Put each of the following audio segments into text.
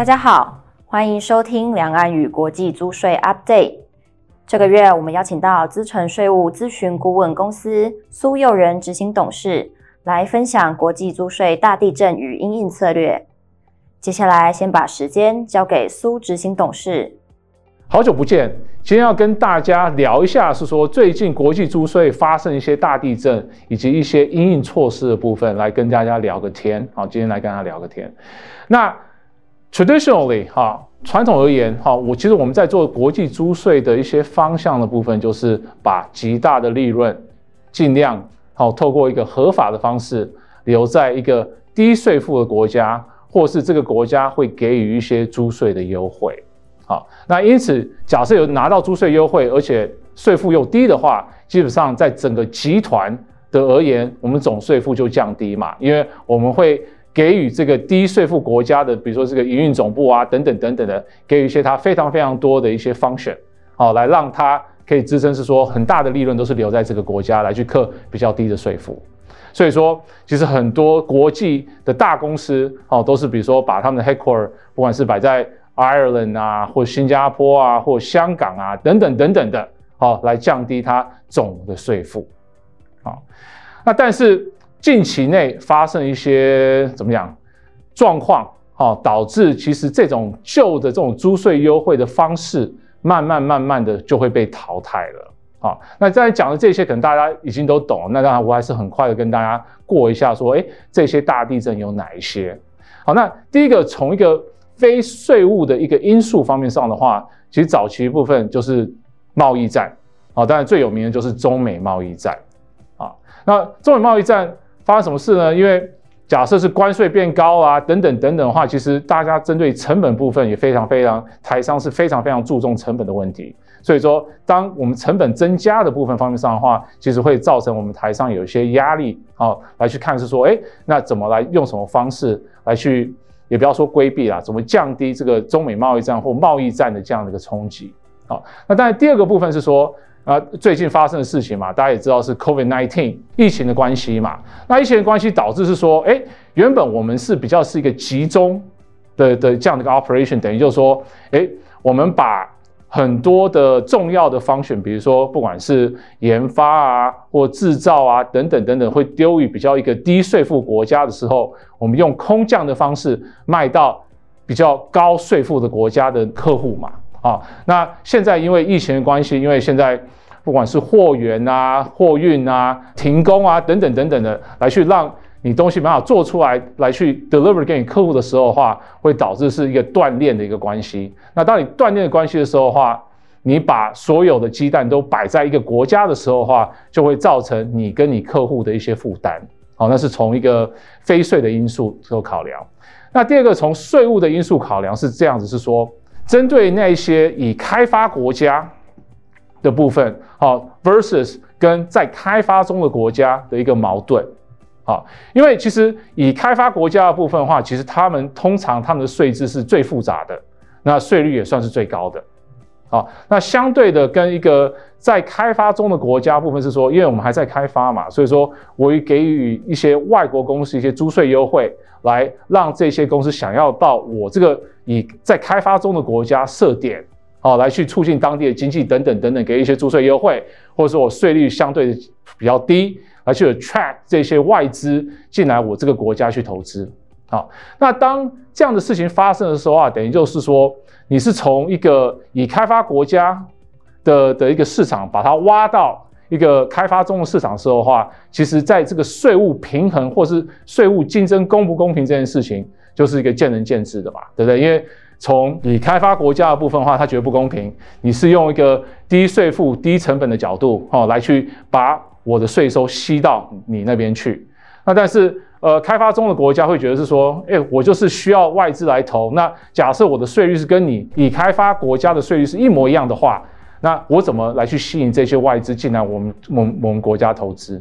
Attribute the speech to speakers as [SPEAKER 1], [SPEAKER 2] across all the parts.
[SPEAKER 1] 大家好，歡迎收聽兩岸與國際租稅 Update。這個月我們邀請到資誠稅務諮詢顧問公司蘇佑仁執行董事來分享國際租稅大地震與因應策略。接下來先把時間交給蘇執行董事。好久不見，今天要跟大家聊一下，是說最近國際租稅發生一些大地震以及一些因應措施的部分，來跟大家聊個天。好，今天來跟大家聊個天。那 Traditionally，哈，哦、傳統而言，哈、哦，我其實我們在做國際租稅的一些方向的部分，就是把極大的利潤儘量，好、哦、透過一個合法的方式留在一個低稅負的國家，或是這個國家會給予一些租稅的優惠，好、哦，那因此，假設有拿到租稅優惠，而且稅負又低的話，基本上在整個集團的而言，我們總稅負就降低嘛，因為我們會。給予這個低稅負國家的，比如說這個營運總部啊，等等等等的，給予一些它非常非常多的一些 function，哦，來讓它可以支撐，是說很大的利潤都是留在這個國家來去課比較低的稅負。所以說，其實很多國際的大公司，哦，都是比如說把他們的 headquarter，不管是擺在 Ireland 啊，或新加坡啊，或香港啊，等等等等的，哦，來降低它總的稅負，啊，那但是。近期內發生一些怎麼講狀況啊、哦，導致其實這種舊的這種租稅優惠的方式，慢慢慢慢的就會被淘汰了啊、哦。那在講的這些，可能大家已經都懂了。那當然，我還是很快的跟大家過一下，說，哎，這些大地震有哪一些？好、哦，那第一個從一個非稅務的一個因素方面上的話，其實早期部分就是貿易戰啊、哦。當然最有名的就是中美貿易戰啊、哦。那中美貿易戰。發生什麼事呢？因為假設是關稅變高啊，等等等等的話，其實大家針對成本部分也非常非常，台商是非常非常注重成本的問題。所以說，當我們成本增加的部分方面上的話，其實會造成我們台商有一些壓力啊、哦。來去看是說，哎、欸，那怎麼來用什麼方式來去，也不要說規避啦，怎麼降低這個中美貿易戰或貿易戰的這樣的一個衝擊。好、哦，那當然第二個部分是說，呃、啊，最近發生的事情嘛，大家也知道是 COVID-19 疫情的關係嘛。那疫情的關係導致是說，哎、欸，原本我們是比較是一個集中的的這樣的一個 operation，等於就是說，哎、欸，我們把很多的重要的 function，比如說不管是研發啊或制造啊等等等等，會丟於比較一個低稅負國家的時候，我們用空降的方式賣到比較高稅負的國家的客戶嘛。啊、哦，那現在因為疫情的關係，因為現在不管是貨源啊、貨運啊、停工啊等等等等的，來去讓你東西沒辦法做出來，來去 deliver 給你客戶的時候的話，會導致是一個斷鏈的一個關係。那當你斷鏈的關係的時候的話，你把所有的雞蛋都擺在一個國家的時候的話，就會造成你跟你客戶的一些負擔。好、哦，那是從一個非稅的因素做考量。那第二個從稅務的因素考量是這樣子，是說。針對那些已開發國家的部分，好 versus 跟在開發中的國家的一個矛盾，好，因為其實已開發國家的部分的話，其實他們通常他們的稅制是最複雜的，那稅率也算是最高的。啊、哦，那相對的跟一個在開發中的國家部分是說，因為我們還在開發嘛，所以說，我也給予一些外國公司一些租稅優惠，來讓這些公司想要到我這個以在開發中的國家設點，好、哦，來去促進當地的經濟等等等等，給一些租稅優惠，或者說我稅率相對比較低，而且有 attract 這些外資進來我這個國家去投資。好、哦，那當這樣的事情發生的時候啊，等於就是說，你是從一個已開發國家的的一個市場，把它挖到一個開發中的市場的時候的話，其實在這個稅務平衡或是稅務競爭公不公平這件事情，就是一個見仁見智的嘛，對不對？因為從已開發國家的部分的話，它覺得不公平，你是用一個低稅負、低成本的角度哦，來去把我的稅收吸到你那邊去，那但是。呃，開發中的國家會覺得是說，哎、欸，我就是需要外資來投。那假設我的稅率是跟你已開發國家的稅率是一模一樣的話，那我怎麼來去吸引這些外資進來我們我們我們國家投資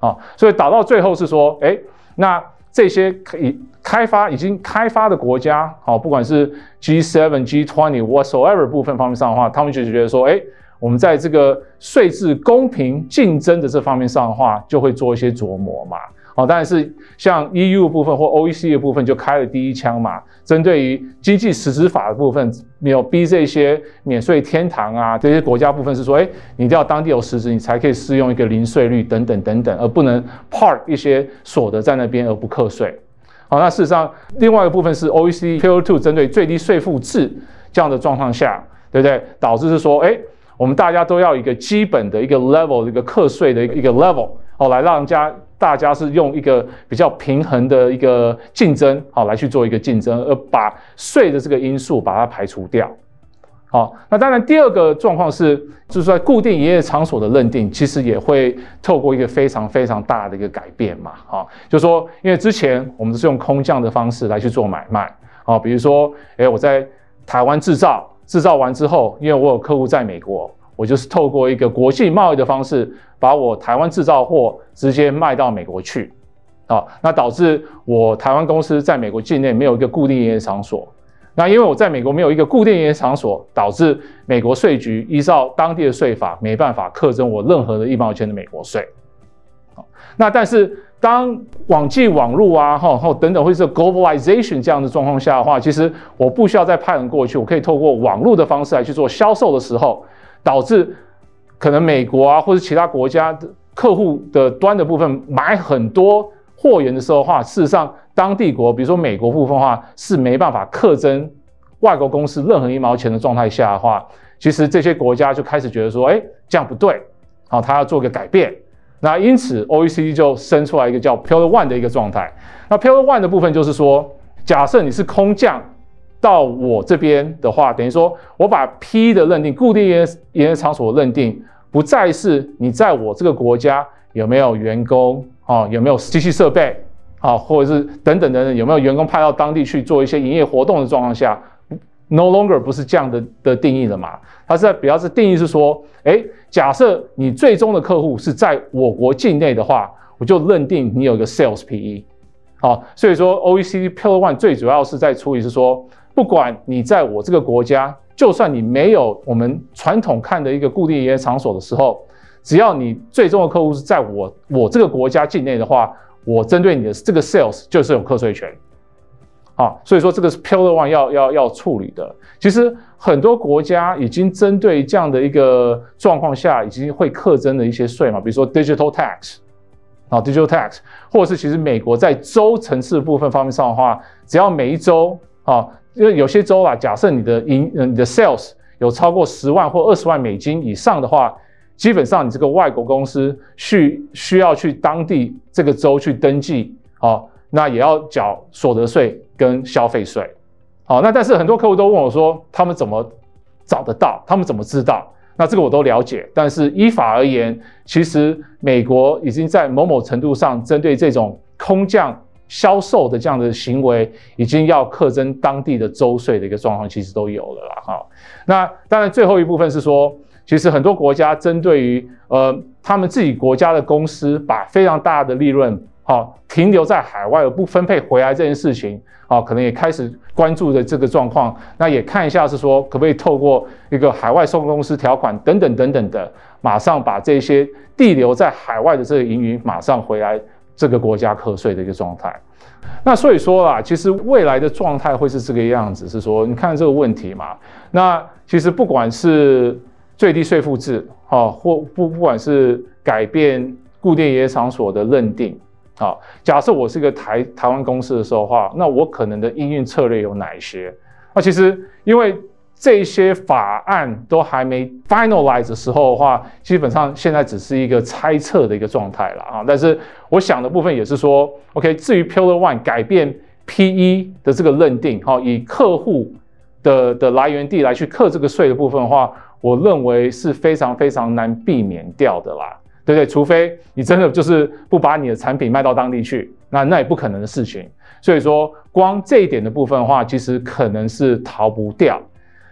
[SPEAKER 1] 啊？所以打到最後是說，哎、欸，那這些可以開發已經開發的國家，好，不管是 G7、G20 whatsoever 部分方面上的話，他們就覺得說，哎、欸，我們在這個稅制公平競爭的這方面上的話，就會做一些琢磨嘛。好，但是像 EU 部分或 OEC 的部分就開了第一槍嘛，針對於經濟實質法的部分，沒有逼這些免稅天堂啊這些國家部分是說，哎，你要當地有實質，你才可以適用一個零稅率等等等等，而不能 park 一些所得在那邊而不課稅。好，那事實上另外一個部分是 OEC Pillar Two 針對最低稅負制這樣的狀況下，對不對？導致是說，哎，我們大家都要一個基本的一個 level，一個課稅的一個 level。好、哦，來讓人家大家是用一個比較平衡的一個競爭，好、哦、來去做一個競爭，呃，把稅的這個因素把它排除掉。好、哦，那當然第二個狀況是，就是在固定營業場所的認定，其實也會透過一個非常非常大的一個改變嘛。好、哦，就說因為之前我們是用空降的方式來去做買賣，好、哦，比如說，誒我在台灣製造，製造完之後，因為我有客戶在美國。我就是透過一個國際貿易的方式，把我台灣製造貨直接賣到美國去，啊，那導致我台灣公司在美國境內沒有一個固定營業場所。那因為我在美國沒有一個固定營業場所，導致美國稅局依照當地的稅法，沒辦法課徵我任何的一毛錢的美國稅。好，那但是當網際網路啊，後後等等，或者說 globalization 這樣的狀況下的話，其實我不需要再派人過去，我可以透過網絡的方式來去做銷售的時候。導致可能美國啊，或者其他國家的客戶的端的部分買很多貨源的時候的話，事實上，當地國，比如說美國部分的話，是沒辦法課徵外國公司任何一毛錢的狀態下的話，其實這些國家就開始覺得說，哎、欸，這樣不對，好，他、哦、要做個改變。那因此，OECD 就生出來一個叫 Pillar One 的一個狀態。那 Pillar One 的部分就是說，假設你是空降。到我這邊的話，等於說我把 PE 的認定、固定營業場所的認定，不再是你在我這個國家有沒有員工啊，有沒有機器設備啊，或者是等等等等有沒有員工派到當地去做一些營業活動的狀況下，no longer 不是這樣的的定義了嘛？它是在表示定義是說，哎、欸，假設你最終的客戶是在我國境內的話，我就認定你有個 sales PE，啊，所以說 OECD Pillar One 最主要是在處理是說。不管你在我這個國家，就算你沒有我們傳統看的一個固定營業場所的時候，只要你最終的客戶是在我我這個國家境內的話，我針對你的這個 sales 就是有課稅權。好、啊，所以說這個是 Pillar One 要要要處理的。其實很多國家已經針對這樣的一個狀況下，已經會課徵的一些稅嘛，比如說 Digital Tax 啊，Digital Tax，或者是其實美國在州層次部分方面上的話，只要每一州啊。因為有些州啊，假設你的營你的 sales 有超過十萬或二十萬美金以上的話，基本上你這個外國公司去需要去當地這個州去登記，哦，那也要繳所得稅跟消費稅，哦，那但是很多客戶都問我說，他們怎麼找得到？他們怎麼知道？那這個我都了解，但是依法而言，其實美國已經在某某程度上針對這種空降。銷售的這樣的行為，已經要課徵當地的州稅的一個狀況，其實都有了啦。哈，那當然，最後一部分是說，其實很多國家針對於呃，他們自己國家的公司把非常大的利潤，哈停留，在海外而不分配回來這件事情，啊，可能也開始關注的這個狀況。那也看一下是說，可不可以透過一個海外收購公司條款等等等等的，馬上把這些滯留在海外的這個盈餘馬上回來。這個國家課稅的一個狀態，那所以說啊，其實未來的狀態會是這個樣子，是說你看這個問題嘛，那其實不管是最低稅負制啊，或不不管是改變固定營業場所的認定啊，假設我是一個台台灣公司的時候的話，那我可能的因應策略有哪一些？那其實因為。這些法案都還沒 finalize 的時候的話，基本上現在只是一個猜測的一個狀態了啊。但是我想的部分也是說，OK，至於 Pillar One 改變 PE 的這個認定，哈，以客戶的的來源地來去課這個稅的部分的話，我認為是非常非常難避免掉的啦，對不對？除非你真的就是不把你的產品賣到當地去，那那也不可能的事情。所以說，光這一點的部分的話，其實可能是逃不掉。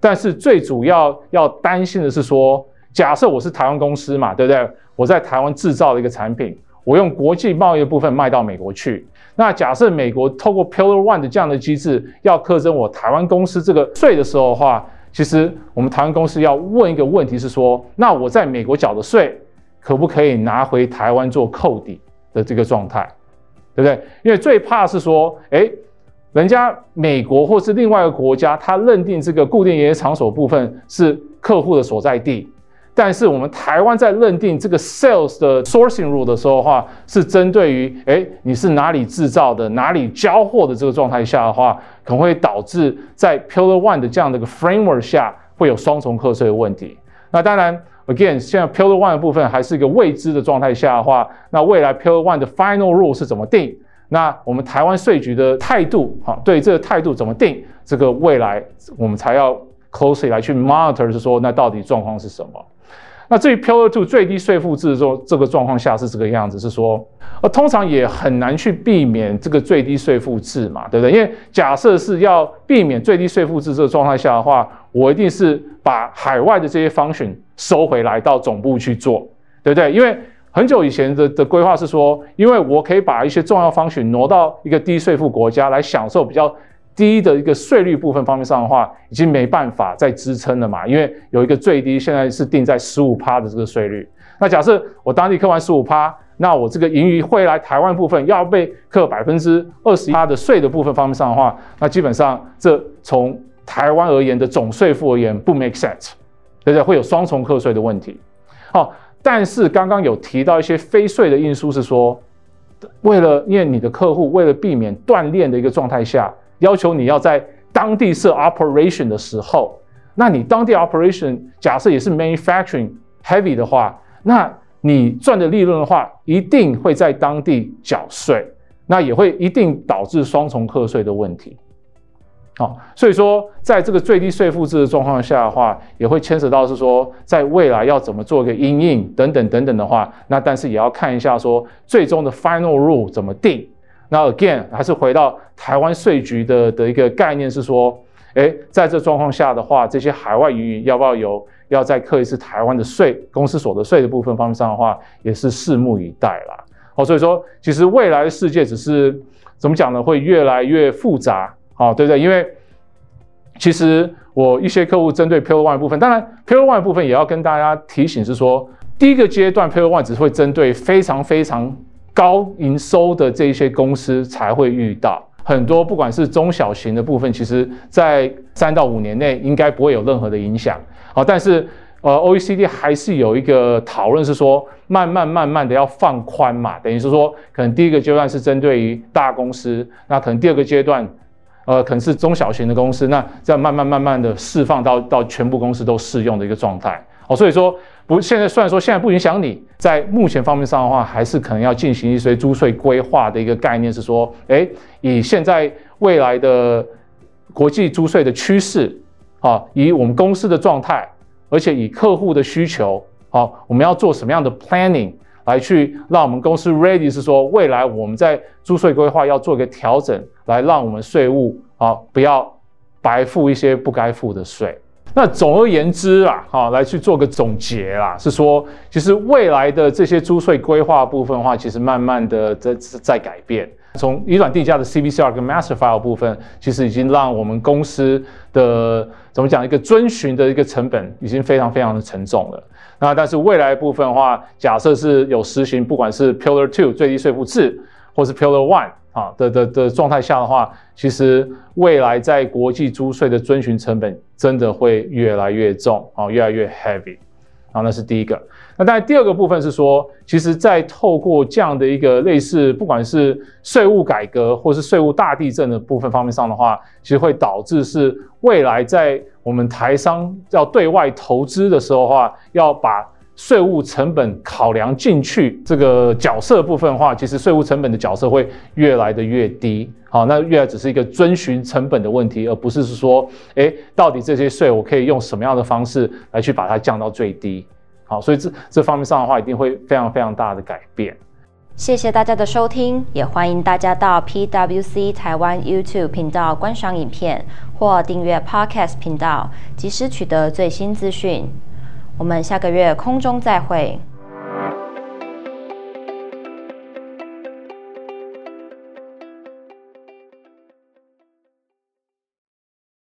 [SPEAKER 1] 但是最主要要擔心的是說，假設我是台灣公司嘛，對不對？我在台灣制造的一個產品，我用國際貿易的部分賣到美國去。那假設美國透過 Pillar One 的這樣的機制要課徵我台灣公司這個稅的時候的話，其實我們台灣公司要問一個問題是說，那我在美國繳的稅可不可以拿回台灣做扣抵的這個狀態，對不對？因為最怕是說，哎。人家美國或是另外一個國家，他認定這個固定營業場所部分是客戶的所在地，但是我們台灣在認定這個 sales 的 sourcing rule 的時候的話，是針對於哎、欸、你是哪裡制造的，哪裡交貨的這個狀態下的話，可能會導致在 pillar one 的這樣的一個 framework 下會有雙重課稅的問題。那當然，again，現在 pillar one 的部分還是一個未知的狀態下的話，那未來 pillar one 的 final rule 是怎麼定？那我們台灣稅局的態度，哈，對這個態度怎麼定？這個未來我們才要 closely 來去 monitor，是說那到底狀況是什麼？那至於 Pillar 2最低稅負制的時候，這個狀況下是這個樣子，是說，呃，通常也很難去避免這個最低稅負制嘛，對不對？因為假設是要避免最低稅負制這個狀態下的話，我一定是把海外的這些 function 收回來到總部去做，對不對？因為很久以前的的規劃是說，因為我可以把一些重要方式挪到一個低稅負國家來享受比較低的一個稅率部分方面上的話，已經沒辦法再支撐了嘛。因為有一個最低現在是定在十五趴的這個稅率。那假設我當地課完十五趴，那我這個盈餘會來台灣部分要被課百分之二十一趴的稅的部分方面上的話，那基本上這從台灣而言的總稅負而言不 make sense，對不對？會有雙重課稅的問題，好、哦。但是剛剛有提到一些非稅的因素，是說，為了念你的客戶為了避免斷鏈的一個狀態下，要求你要在當地設 operation 的時候，那你當地 operation 假設也是 manufacturing heavy 的話，那你賺的利潤的話，一定會在當地繳稅，那也會一定導致雙重課稅的問題。好，所以說，在這個最低稅負制的狀況下的話，也會牽扯到是說，在未來要怎麼做一個因應等等等等的話，那但是也要看一下說，最終的 final rule 怎麼定。那 again 還是回到台灣稅局的的一個概念是說，哎，在這狀況下的話，這些海外營運要不要有要再課一次台灣的稅，公司所得稅的部分方面上的話，也是拭目以待啦。哦，所以說，其實未來的世界只是怎麼講呢？會越來越複雜。哦，對不對？因為其實我一些客戶針對 Pillar One 的部分，當然 Pillar One 的部分也要跟大家提醒是說，第一個階段 Pillar One 只會針對非常非常高營收的這些公司才會遇到很多，不管是中小型的部分，其實在三到五年內應該不會有任何的影響。哦，但是呃 OECD 還是有一個討論是說，慢慢慢慢的要放寬嘛，等於是說可能第一個階段是針對於大公司，那可能第二個階段。呃，可能是中小型的公司，那在慢慢慢慢的釋放到到全部公司都適用的一個狀態哦。所以說不，現在雖然說現在不影響你，在目前方面上的話，還是可能要進行一些租稅規劃的一個概念，是說，哎，以現在未來的國際租稅的趨勢，啊、哦，以我們公司的狀態，而且以客戶的需求，哦、我們要做什麼樣的 planning？來去讓我們公司 ready 是說，未來我們在租稅規劃要做一個調整，來讓我們稅務啊不要白付一些不該付的稅。那總而言之啊，啊來去做個總結啦，啊，是說其實未來的這些租稅規劃部分的話，其實慢慢的在在改變。從移轉定價的 CBCR 跟 Masterfile 部分，其實已經讓我們公司的怎麼講一個遵循的一個成本已經非常非常的沉重了。那但是未來部分的話，假設是有實行不管是 Pillar Two 最低稅負制，或是 Pillar One 啊的的的狀態下的話，其實未來在國際租稅的遵循成本真的會越來越重啊，越來越 heavy。然後那是第一個，那但第二個部分是說，其實在透過這樣的一個類似，不管是稅務改革或是稅務大地震的部分方面上的話，其實會導致是未來在我們台商要對外投資的時候的話，要把稅務成本考量進去這個角色部分的話，其實稅務成本的角色會越來的越低。好，那越來越只是一個遵循成本的問題，而不是說，哎、欸，到底這些稅我可以用什麼樣的方式來去把它降到最低，好，所以這這方面上的話，一定會非常非常大的改變。謝謝大家的收聽，也歡迎大家到 PWC 台灣 YouTube 頻道觀賞影片或訂閱 Podcast 頻道，及時取得最新資訊。我們下個月空中再會。